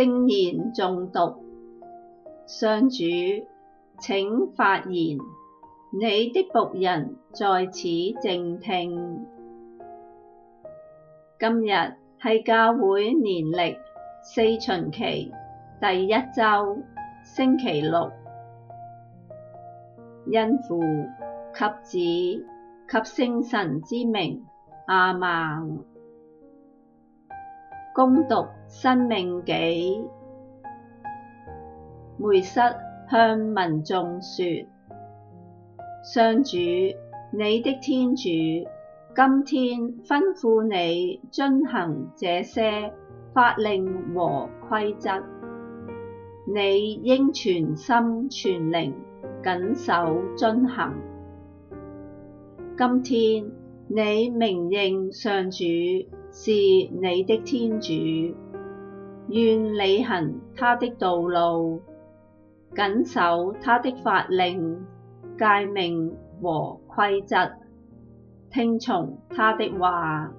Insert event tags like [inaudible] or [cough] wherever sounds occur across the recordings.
靜言誦讀，上主，請發言，你的僕人在此靜聽。今日係教會年曆四旬期第一周，星期六。因父及子及聖神之名，阿門。恭讀申命紀，梅瑟向民眾說：上主，你的天主，今天吩咐你遵行這些法令和規則，你應全心全靈謹守遵行。今天。你明認上主是你的天主，願履行他的道路，謹守他的法令、誡命和規則，聽從他的話。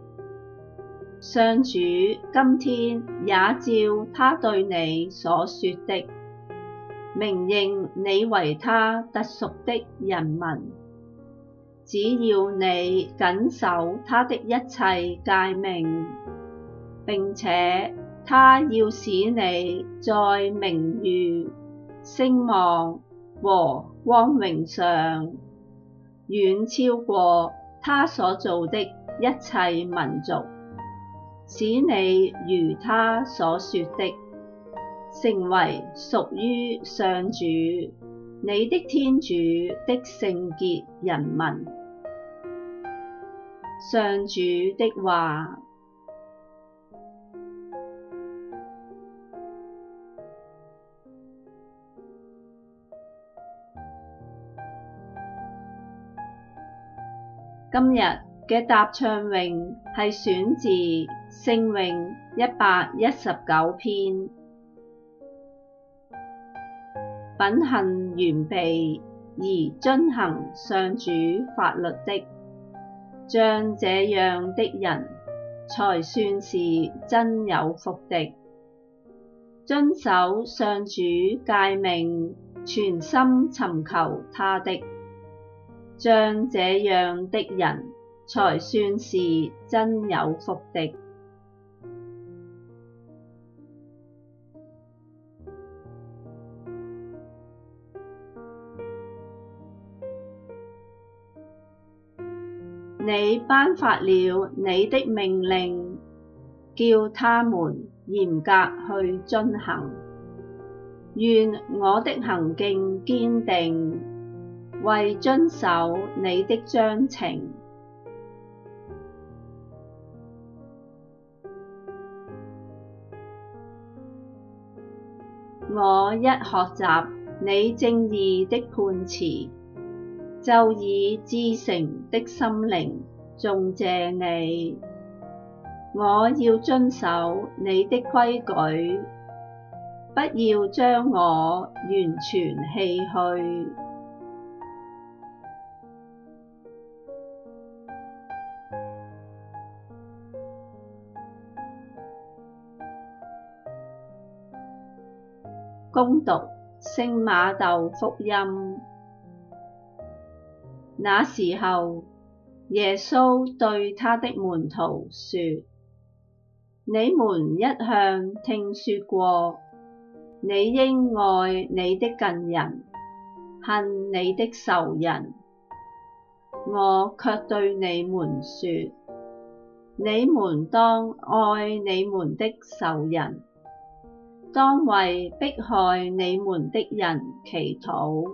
上主今天也照他對你所說的，明認你為他特屬的人民。只要你謹守他的一切誡命，並且他要使你在名譽、聲望和光榮上，遠超過他所造的一切民族，使你如他所說的，成為屬於上主你的天主的聖潔人民。上主的話。今日嘅答唱詠係選自聖詠一百一十九篇，品行完備而遵行上主法律的。像這樣的人，才算是真有福的。遵守上主誡命，全心尋求他的，像這樣的人，才算是真有福的。你頒發了你的命令，叫他們嚴格去遵行。願我的行徑堅定，為遵守你的章程！我一學習你正義的判詞。就以至誠的心靈，頌謝你。我要遵守你的規矩，不要將我完全棄去。恭 [noise] 讀《聖瑪竇福音》。那時候，耶穌對他的門徒說：你們一向聽說過，你應愛你的近人，恨你的仇人。我卻對你們說，你們當愛你們的仇人，當為迫害你們的人祈禱。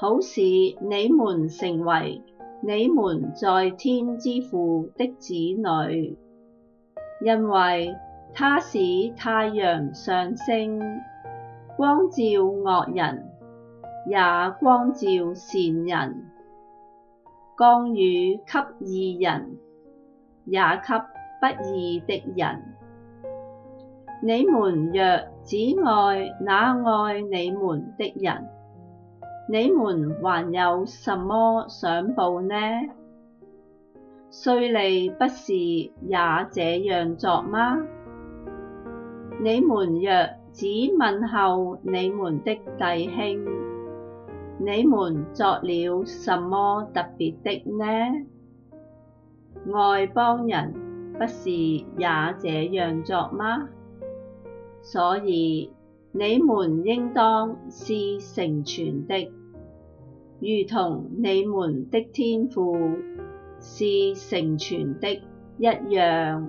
好使你們成為你們在天之父的子女，因為他使太陽上升，光照惡人，也光照善人，降雨給義人，也給不義的人。你們若只愛那愛你們的人，你們還有什麼賞報呢？稅吏不是也這樣做嗎？你們若只問候你們的弟兄，你們作了什麼特別的呢？外邦人不是也這樣做嗎？所以，你們應當是成全的，如同你們的天父是成全的一樣，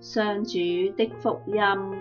上主的福音。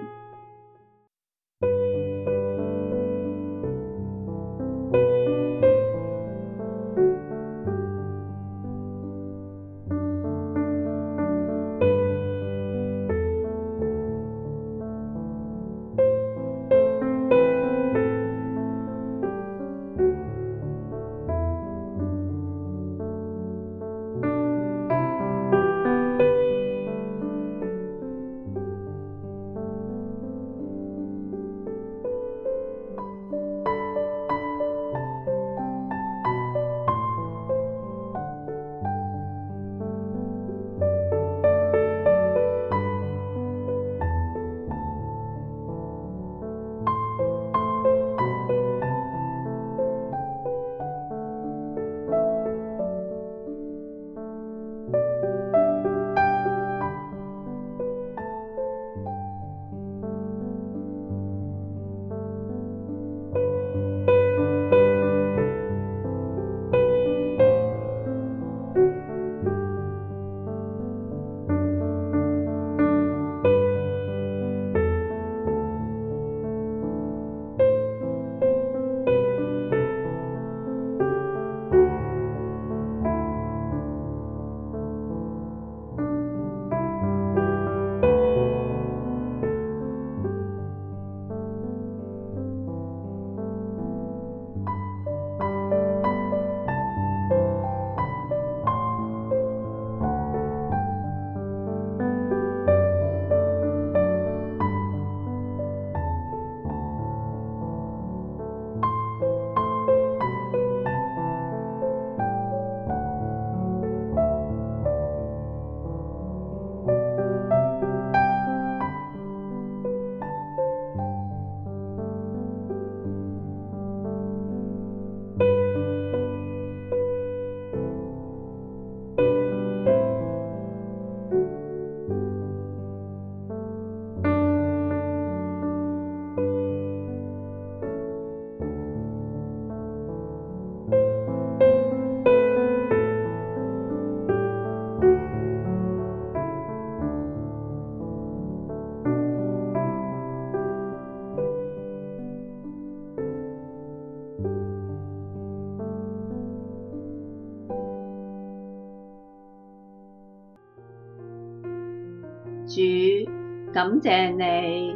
感謝你，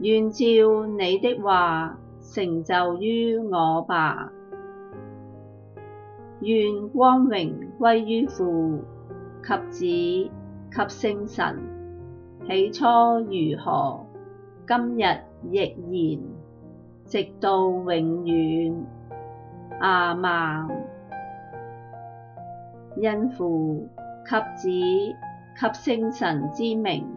願照你的話成就於我吧。願光榮歸於父及子及聖神，起初如何，今日亦然，直到永遠。阿們。因父及子及聖神之名。